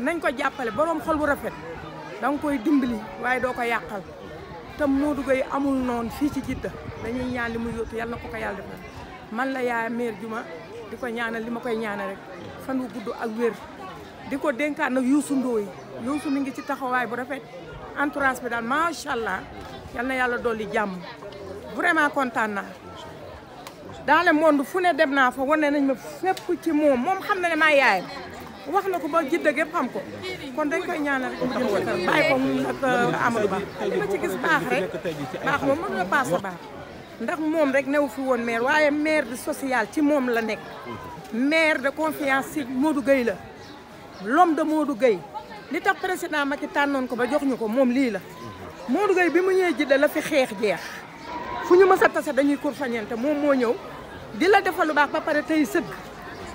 nañ ko jàppale boroom xol bu rafet danga koy dimbali waaye doo ko yàqal te Modou Gueye amul noon fii ci Jidda dañuy ñaan li mu yóotu yal na ko ko yàlla defal man la yaa maire Juma di ko ñaanal li ma koy ñaanal rek fan wu gudd ak wér di ko dénkaat yuusu Youssou Ndoye Youssou mi ngi ci taxawaay bu rafet entourage bi daal macha allah yal na yàlla dolli jàmm vraiment kontaan naa dans le fu ne dem naa fa wane nañ ma fépp ci moom moom xam na ne maa yaayam wax na ko ba jidda gépp xam ko kon dañ koy ñaanal rek mu jëm ci kanam bàyyi ko ak euh, Amadou Ba li ma ci gis baax rek baax moom mën nga paas sa baax ndax moom rek newu fi woon maire waaye maire de social ci moom la nekk maire de confiance ci Modou Gueye la l'homme de Modou Gueye li tax président Macky tànnoon ko ba jox ñu ko moom lii la Modou Gueye bi mu ñëwee jidda la fi xeex jeex fu ñu mës a tase dañuy kur fañente moom moo ñëw di la defal lu baax ba pare tey sëgg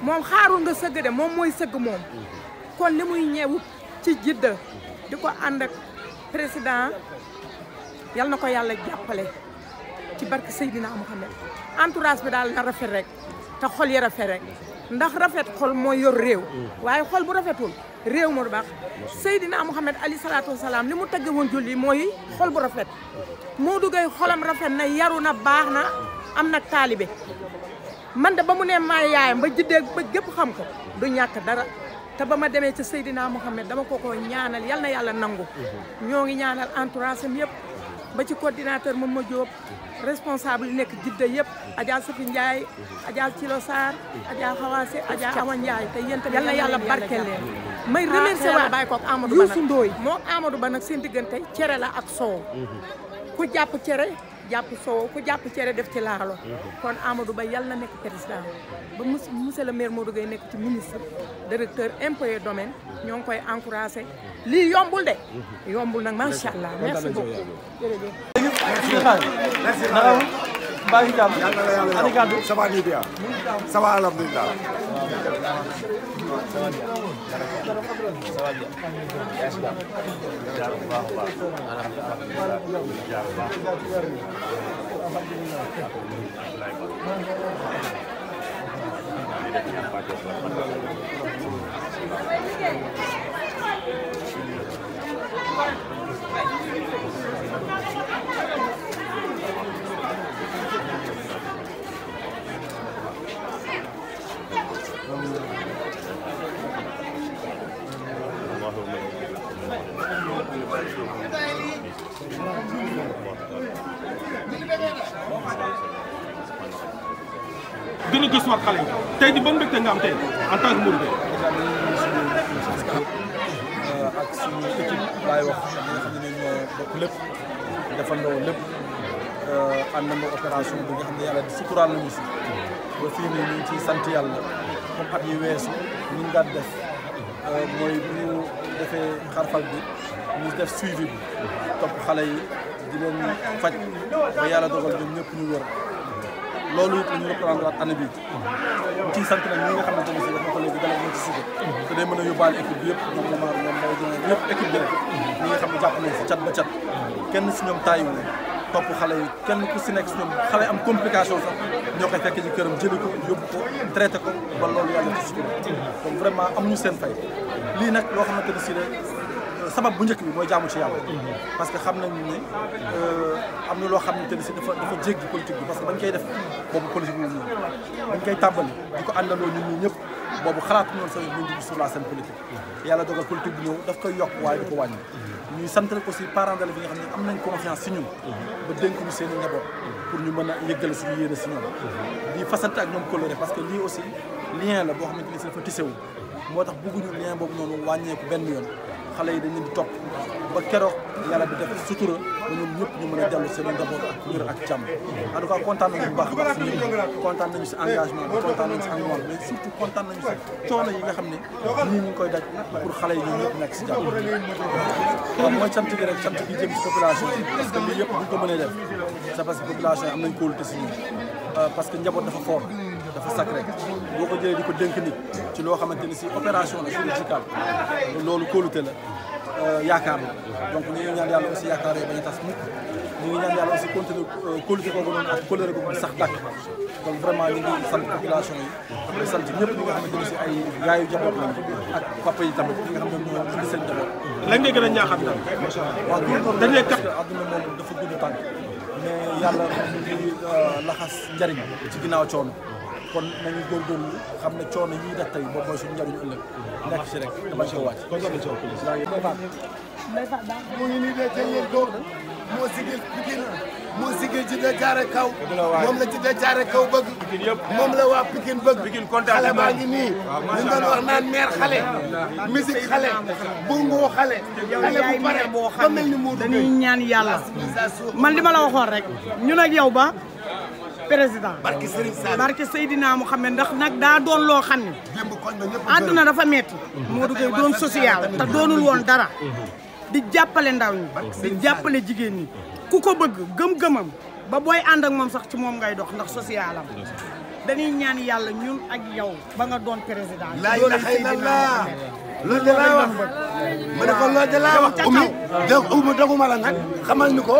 moom xaarul nga sëgg de moom mooy sëgg moom kon li muy ñëw ci jidda di ko ànd ak président yal na ko yàlla jàppale ci barke Seydina Muhammad entourage bi daal na rafet rek te xol yi rafet rek ndax rafet xol mooy yor réew waaye xol bu rafetul réew mu baax Seydina Muhammad ali salaatu salaam li mu tagge woon julli mooy xol bu rafet moo duggee xolam rafet na yaru na baax na am na taalibe man da ba mu ne maay yaayam ba jiddee ba gépp xam ko du ñàkk dara te ba ma demee ci Seydina Mouhamed dama ko ko ñaanal yal na yàlla nangu mhm. ñoo ngi ñaanal entourage am yëpp ba ci coordinateur Mama Diop mhm. responsable yi nekk jidda yëpp mhm. Adja Safi Ndiaye Adja Cilo Sarr Adja Xawaase Adja Awa Ndiaye te yéen tamit yal na yàlla barkeel leen may remercier waa bàyyi ko Ba nag Youssou Ndoye Ba nag seen diggante cere la ak soow ku jàpp cere jàpp soow ku jàpp cere def ci laalo kon Amadou Ba yàlla na nekk président ba monsieur le moo Modou Gueye nekk ci ministre directeur impôts et domaines ñoo ngi koy encouragé lii yombul de yombul nag macha allah merci beaucoup jërëjëf baa ngi jàmm yàlla na la yàlla yàlla ça va nii bien gën a gëstuwaat xale yi tey di ban mbégte nga am tey en tant que murid bi. ak suñu équipe laay wax ñi nga xam ne ñoo bokk lépp defandoo lépp euh, àndandoo opération bi nga xam ne yàlla di suturaal nañu si ba fii nii ñu ngi ciy sant yàlla comme at yi weesu ñu ngi daan def euh, mooy bu ñu defee xarfal bi ñu def suivi bi topp xale yi di leen faj ba yàlla dogal ñoom ñëpp ñu wër. loolu it lañu reprendre waat année bii ciy sant nag ñi nga xam ne si wax na ko léegi dala ci site mën a yóbbaale équipe bi yëpp ñoom moom ñoom mooy ñoom yëpp équipe bi rek ñi nga xam ne jàpp nañ si cat ba cat kenn si ñoom taayu topp xale yi kenn ku si nekk si ñoom xale am complication sax ñoo koy fekk ci këram jëli ko yóbbu ko traité ko ba loolu yàlla ci sutura donc vraiment am ñu seen fay lii nag loo xam ne si sabab bu njëkk bi mooy jaamu ci yàlla. parce que xam nañu ne euh, am na loo xam ne si dafa dafa jéggi politique bi parce que bañ koy def boobu politique bi ñun dañ koy tàmbali ñëpp boobu xalaatuñu woon sax ñu la scène politique. yàlla dogal daf koy yokk waaye sant rek aussi parents nga xam ne am nañ confiance si ñun. pour ñu a yëggale suñu yéene si ñoom. di fasante ak ñoom coloré parce que lii aussi lien la boo xamante ni si dafa tisewu moo tax bëgguñu lien boobu noonu wàññeeku benn yoon xale yi dañ leen di topp ba keroog yàlla di def sutura ba ñu mën a dellu seen njaboot ak ngir ak càmm en kontaan nañu a baax si ñun kontaan nañu si engagement bi kontaan nañu si engagement mais surtout kontaan nañu si coono yi nga xam ne ñii ñu koy daj pour xale yi ñun ñëpp nekk si jàmm kon mooy yi parce que ñu ko mënee def c'est parce que population yi am nañ kóolute si ñun euh, parce njaboot dafa fort dafa sacré boo ko jëlee di ko dénk ci loo xamante ni si opération a chirurgicale loolu kóolute la euh, yaakaar na donc ñu ngi ñaan yàlla aussi yaakaar yooyu bañ a tas mukk ñu ngi ñaan yàlla aussi continuer euh, kóolute kooku noonu ak kóolute kooku sax dàkk donc vraiment ñu ngi sant population yi di sant ñëpp ñi si ay yaayu jaboot la ak papa yi tamit ñi nga xam ne ñoo indi seen jaboot lan ngay a ñaaxam daal waaw dañ lay kat adduna euh, laxas njariñ ci ginnaaw coono kon nañu góorgóorlu xam ne coono yi def tey boobu si rek dama si wàcc. kon soxna Sow police. mu moo la ci de jaare kaw bëgg. moom la waa Pikine bëgg. Pikine kontaan xale maa ngi nii. ñu doon wax naan meer xale. musique xale. bongo xale. xale bu pare ni ñaan yàlla. man li ma la waxoon rek. ñun ak yow ba. président barki Serigne Sall barki Seydina Mouhamed ndax nag daa doon loo xam ne na dafa metti moo du koy doon social te doonul woon dara di jàppale ndaw ñi di jàppale jigéen ñi ku ko bëgg gëm-gëmam ba booy ànd ak moom sax ci moom ngay dox ndax social am dañuy ñaan yàlla ñun ak yow ba nga doon président loolu la loolu de laa wax ma ne ko de laa wax ummi dégg ummi doguma la nag xamal ni ko